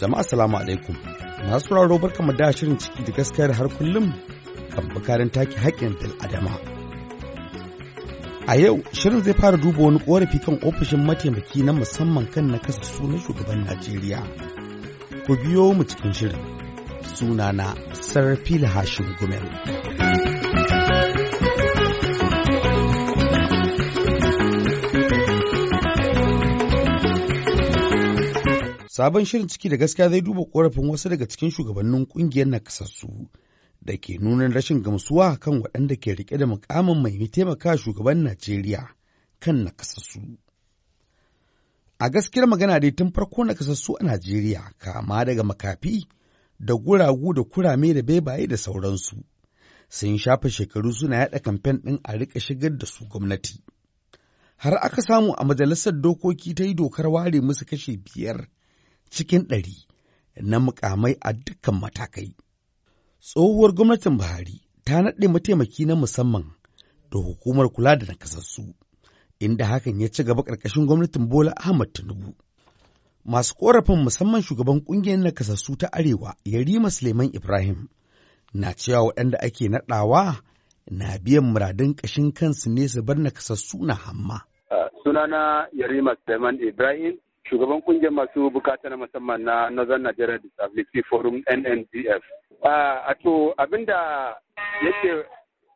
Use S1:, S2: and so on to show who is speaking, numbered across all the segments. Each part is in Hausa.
S1: Jama'a salamu alaikum. Masu sauraro mu da shirin ciki da gaskiyar har kullum kan bukarin take haƙƙin adama A yau shirin zai fara duba wani ƙorafi kan ofishin mataimaki na musamman kan na kasa sunan shugaban Najeriya. Ku biyo mu cikin shirin. sunana sarfil hashim gumel sabon shirin ciki da gaskiya zai duba korafin wasu daga cikin shugabannin kungiyar nakasassu da ke nunan rashin gamsuwa kan waɗanda ke rike da mukamin mai taimaka shugaban najeriya kan nakasassu a gaskiyar magana dai tun farko nakasassu a najeriya kama daga makafi da guragu da kurame da bebaye da sauransu. Sun shafa shekaru suna yaɗa kamfen ɗin a riƙa shigar da su gwamnati. Har aka samu a majalisar dokoki ta yi dokar ware musu kashe biyar cikin ɗari na mukamai a dukkan matakai. Tsohuwar gwamnatin Buhari ta naɗe mataimaki na musamman da hukumar kula da nakasassu, inda hakan ya ci gaba ƙarƙashin gwamnatin Bola Ahmad Tinubu. Masu korafin musamman shugaban ƙungiyar nakasassu ta Arewa, Yarima Suleiman Ibrahim, na cewa waɗanda ake naɗawa na biyan muradin ƙashin kansu ne su bar nakasassu na hamma.
S2: Sunana Yarima Suleiman Ibrahim, shugaban kungiyar masu bukata na musamman na Northern Nigeria Disability Forum NNDF. A to abinda yake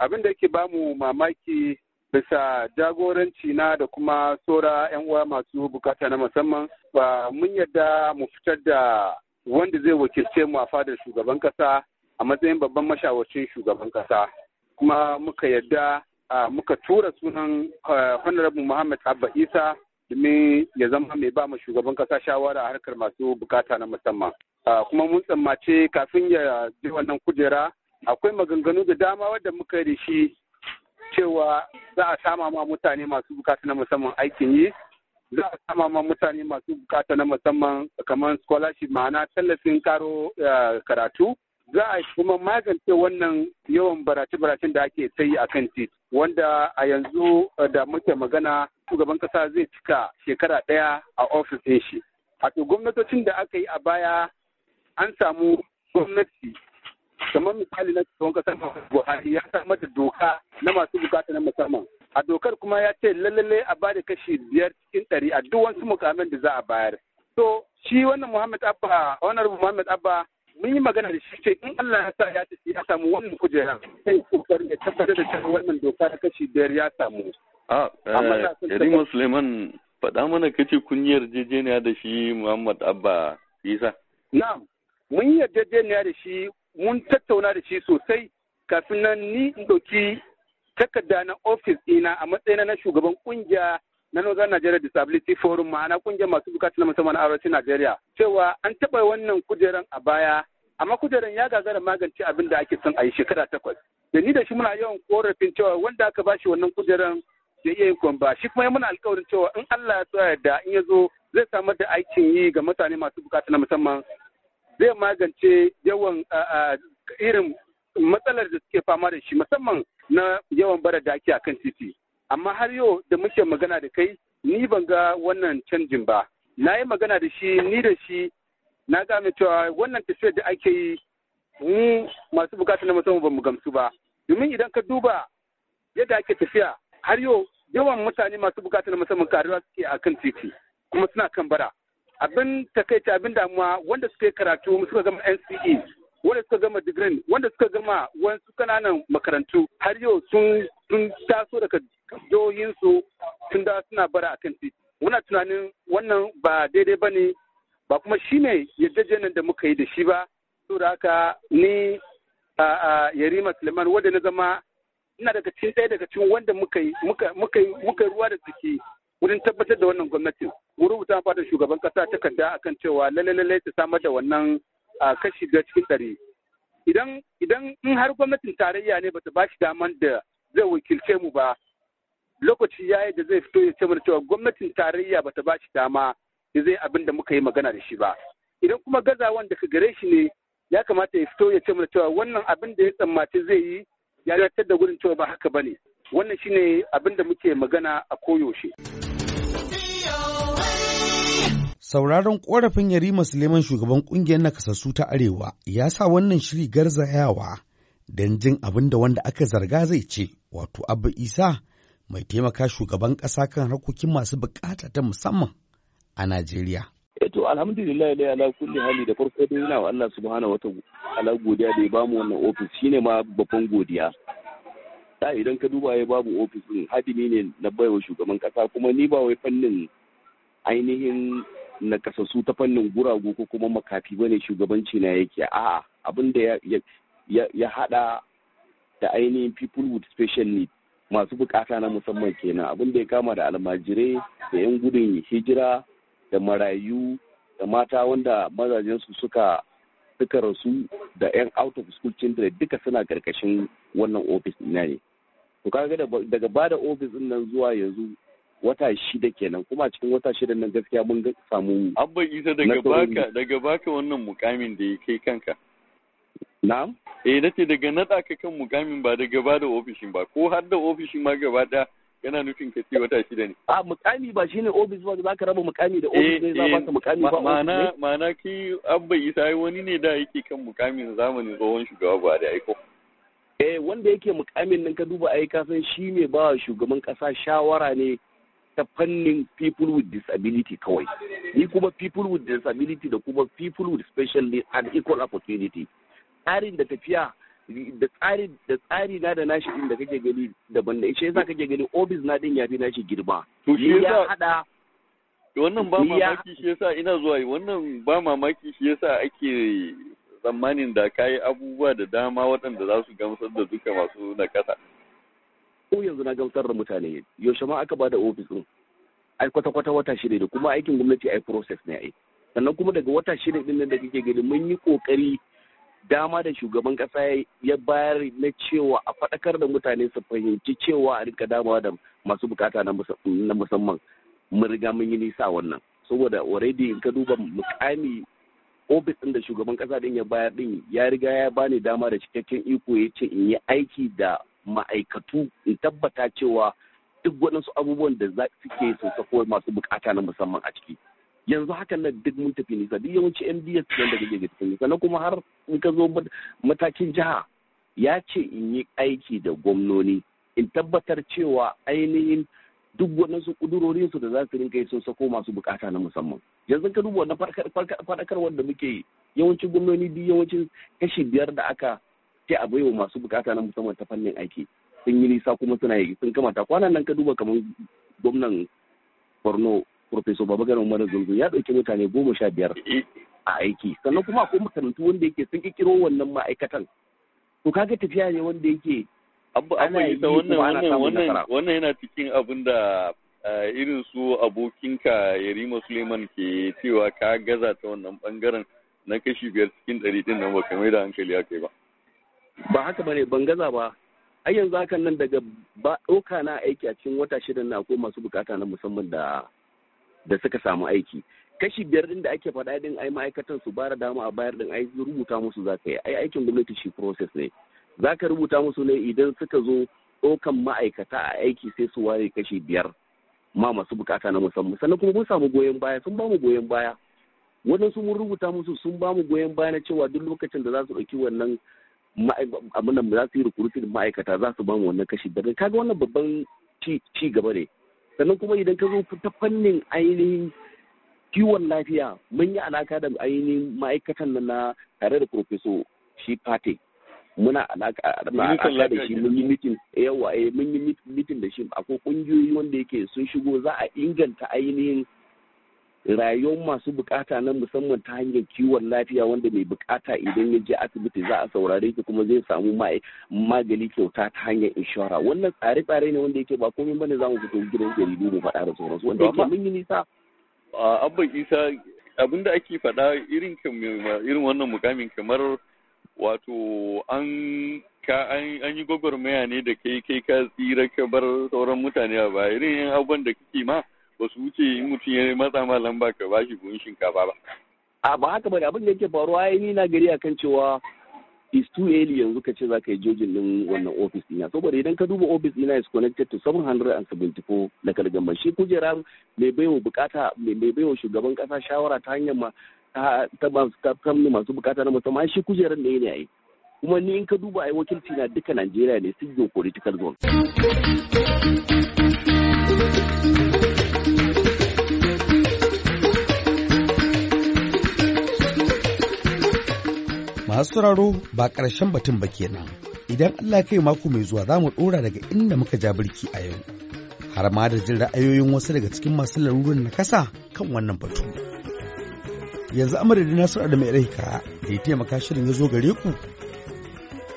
S2: abinda yake bamu mamaki bisa jagoranci na da kuma sora 'yan uwa masu bukata na musamman ba mun yadda mu fitar da wanda zai wakilce mu a fadar shugaban kasa a matsayin babban mashawarcin shugaban kasa kuma muka yadda muka tura sunan honorable muhammad abba isa domin ya zama mai ba mu shugaban kasa shawara a harkar masu bukata na musamman kuma mun tsammace kafin ya je wannan kujera akwai maganganu da dama wadda muka yi da shi cewa za a sama ma mutane masu bukata na musamman aikin yi za a sama ma mutane masu bukata na musamman kamar scholarship ma'ana tallafin karo eh, karatu za a kuma magance wannan yawan barace-baracen da ake sayi a kan titi wanda a yanzu eh, da muke magana shugaban kasa zai cika shekara ɗaya a ofis ɗin shi. A gwamnatocin da aka yi a baya an samu gwamnati kamar misali na tsohon kasar Buhari ya samar da doka na masu bukata na musamman a dokar kuma ya ce lalle a ba da kashi biyar cikin ɗari a duk wasu mukamin da za a bayar to shi wannan Muhammad Abba honorable Muhammad Abba mun yi magana da shi ce in Allah ya sa ya tafi ya samu wannan kujera sai kokari ya tabbatar da cewa wannan doka na kashi biyar ya samu
S3: a eh, Yarima Suleiman faɗa mana kace kun yi yarjejeniya da shi Muhammad Abba Isa
S2: na'am mun yi yarjejeniya da shi mun tattauna da shi sosai kafin nan ni in ɗauki takarda na ofis ɗina a matsayina na shugaban ƙungiya na Northern Nigeria Disability Forum ma'ana ƙungiyar masu bukatu na musamman a arewacin Najeriya cewa an taɓa wannan kujeran a baya amma kujeran ya gagara magance abin da ake son a yi shekara takwas da ni da shi muna yawan korafin cewa wanda aka ba shi wannan kujeran da iya yin ba shi kuma ya muna alkawarin cewa in Allah ya so yarda in ya zo zai samar da aikin yi ga mutane masu bukatu na musamman zai magance yawan irin matsalar da suke fama da shi musamman na yawan bara daki akan titi amma har yau da muke magana da kai ni ban ga wannan canjin ba na yi magana da shi ni da shi na gane cewa wannan tafiyar da ake yi mu masu bukata na musamman ba mu gamsu ba domin idan ka duba yadda ake tafiya har yau yawan mutane masu bukata na musamman karuwa suke akan titi kuma suna kan bara abin takaita abin damuwa wanda suka yi karatu suka gama NCE wanda suka gama digirin wanda suka gama wasu kananan makarantu har yau sun sun taso daga jihohinsu tun da suna bara kan titi muna tunanin wannan ba daidai ba ne ba kuma shine yarjejeniyar da muka yi da shi ba da haka ni a yarima suleiman wanda na zama ina daga cikin ɗaya daga cikin wanda muka yi muka ruwa da suke wurin tabbatar da wannan gwamnatin mu rubuta fatan shugaban kasa takarda akan cewa lalle ta samar da wannan kashi da cikin ɗari idan idan in har gwamnatin tarayya ne bata ba shi daman da zai wakilce mu ba lokaci ya yi da zai fito ya ce mana cewa gwamnatin tarayya bata ba shi dama da zai abin da muka yi magana da shi ba idan kuma gazawan da ka gare shi ne ya kamata ya fito ya ce mana cewa wannan abin da ya tsammaci zai yi ya zartar da gurin cewa ba haka bane wannan shine abin da muke magana a koyaushe.
S1: Sauraron korafin Yarima Suleiman shugaban ƙungiyar nakasassu ta Arewa ya sa wannan shiri garzayawa don jin abin da wanda aka zarga zai ce, wato Abba Isa mai taimaka shugaban ƙasa kan harkokin masu bukata ta musamman a Najeriya.
S4: Eh to alhamdulillah dai ala kulli hali da farko dai yana wa Allah subhanahu wataala godiya da ya bamu wannan ofis shine ma babban godiya da idan ka duba ya babu ofis din hadimi ne na baiwa shugaban kasa kuma ni ba wai fannin ainihin nakasassu ta fannin guragu ko kuma makafi bane shugabanci na yake a'a abin da ya hada da ainihin people with special need masu bukata na musamman kenan abin da ya kama da almajirai da 'yan gudun hijira da marayu da mata wanda mazajensu suka suka rasu da 'yan out of school children duka suna karkashin
S3: wannan ofis na ne
S4: to kaga daga bada ofis din nan zuwa yanzu wata shida kenan kuma a cikin wata shida nan gaskiya mun ga samu
S3: abba isa daga baka daga baka wannan mukamin da ya kai kanka na'am eh nace daga nada ka kan mukamin ba daga ba da ofishin ba ko har da ofishin ma gaba daya yana nufin ka ce wata shida ne a
S4: mukami ba shine ofis ba za ka raba mukami da ofis eh, ne za ka eh, mukami ba ma'ana
S3: ma'ana ki abba isa ai wani ne da yake kan mukamin zamanin tsohon shugaba ba da aiko eh
S4: wanda yake mukamin nan ka duba ai ka san shi ne ba shugaban kasa shawara ne ta fannin people with disability kawai ni kuma people with disability da kuma people with special needs and equal opportunity tsarin da tafiya da tsari da tsari na da nashi din da kake gani daban da ishe yasa kake gani office na din yafi nashi girma to shi yasa
S3: hada wannan ba mamaki shi yasa ina zuwa yi wannan ba mamaki shi yasa ake tsammanin da kayi abubuwa da dama waɗanda za su gamsar da duka masu nakasa
S4: ko yanzu na gamsar da mutane yaushe ma aka bada ofis din ai kwata kwata wata shida da kuma aikin gwamnati ai process ne ai sannan kuma daga wata shida din nan da kike gani mun yi kokari dama da shugaban kasa ya bayar na cewa a faɗakar da mutane su fahimci cewa a rinka dama da masu bukata na musamman mun riga mun yi nisa wannan saboda already in ka duba mukami ofis ɗin da shugaban kasa din ya bayar din ya riga ya bani dama da cikakken iko ya ce in yi aiki da ma'aikatu in tabbata cewa duk waɗansu abubuwan da za suke su sako masu bukata na musamman a ciki yanzu hakan nan duk mun tafi nisa duk yawanci MDS yanda gaje ga tafi nisa na kuma har in ka zo matakin jiha ya ce in yi aiki da gwamnoni in tabbatar cewa ainihin duk waɗansu ƙudurorinsu da za su rinka yi sun sako masu bukata na musamman yanzu ka duba wannan faɗakarwar da muke yi yawancin gwamnoni duk yawancin kashi biyar da aka ce a baiwa masu bukata na musamman ta fannin aiki sun yi nisa kuma suna yi sun kamata kwanan nan ka duba kamar gwamnan borno professor babagana umar zunzun ya ɗauki mutane goma sha biyar a aiki sannan kuma akwai makarantu wanda yake sun kikiro wannan ma'aikatan to kaga tafiya ne wanda yake
S3: ana yi wannan wannan wannan yana cikin abin da eh, irin su abokinka yarima suleiman ke cewa ka gaza ta wannan bangaren na kashi biyar cikin ɗari ɗin nan ba kamar da hankali aka yi ba ba haka bane ban gaza ba
S4: ai yanzu hakan nan daga ba ɗauka na aiki a cikin wata shida na ko masu bukata na musamman da suka samu aiki kashi biyar din da ake faɗa din ai ma'aikatan su bara dama a bayar din ai rubuta musu za ka yi ai aikin gwamnati shi process ne za ka rubuta musu ne idan suka zo ɗaukan ma'aikata a aiki sai su ware kashi biyar ma masu bukata na musamman sannan kuma mun samu goyon baya sun ba mu goyon baya waɗansu mun rubuta musu sun bamu goyon baya na cewa duk lokacin da za su ɗauki wannan abinda za su yi rikurutin ma'aikata za su bamu wannan kashi daga kaga wannan babban ci gaba ne sannan kuma idan ka zo ta fannin ainihin kiwon lafiya mun yi alaka da ainihin ma'aikatan na tare da profeso shi pate muna alaka da shi mun yi mitin yawa eh, mun yi mitin da shi akwai kungiyoyi wanda yake sun shigo za a inganta ainihin rayuwar masu bukata na musamman ta hanyar kiwon lafiya wanda mai bukata idan ya je asibiti za a saurare ki kuma zai samu magani kyauta ta hanyar inshora wannan tsare-tsare ne wanda yake ba komai bane za mu fito gidan jaridu mu faɗa da sauransu wanda yake mun yi nisa
S3: abba isa abin da ake faɗa irin irin wannan mukamin kamar wato an ka an yi gwagwarmaya ne da kai kai ka tsira ka bar sauran mutane a irin irin abubuwan da kake ma ba su wuce yi mutum ya matsa ma lamba ka ba shi buhun shinkafa ba. A ba haka bane abin
S4: da yake faruwa ya ni na gari kan cewa is too early yanzu ka ce za ka yi jojin din wannan ofis ɗina saboda idan ka duba ofis ɗina is connected to 774 na kalgamban shi kujerar mai baiwa bukata mai baiwa shugaban kasa shawara ta hanyar ma ta masu bukata na musamman shi kujerar ne ne a yi kuma ni in ka duba yi wakilci na duka Najeriya ne sun political zone.
S1: sauraro ba ƙarshen batun ba kenan. Idan Allah kai mako mai zuwa za mu ɗora daga inda muka ja birki a yau. Har ma da jin ra'ayoyin wasu daga cikin masu larurin na kasa kan wannan batu. Yanzu amadadi Nasiru Adamu Ilaika da ya taimaka shirin ya zo gare ku.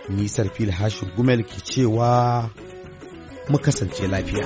S1: Nisar fil hashin gumel ke cewa mu kasance lafiya.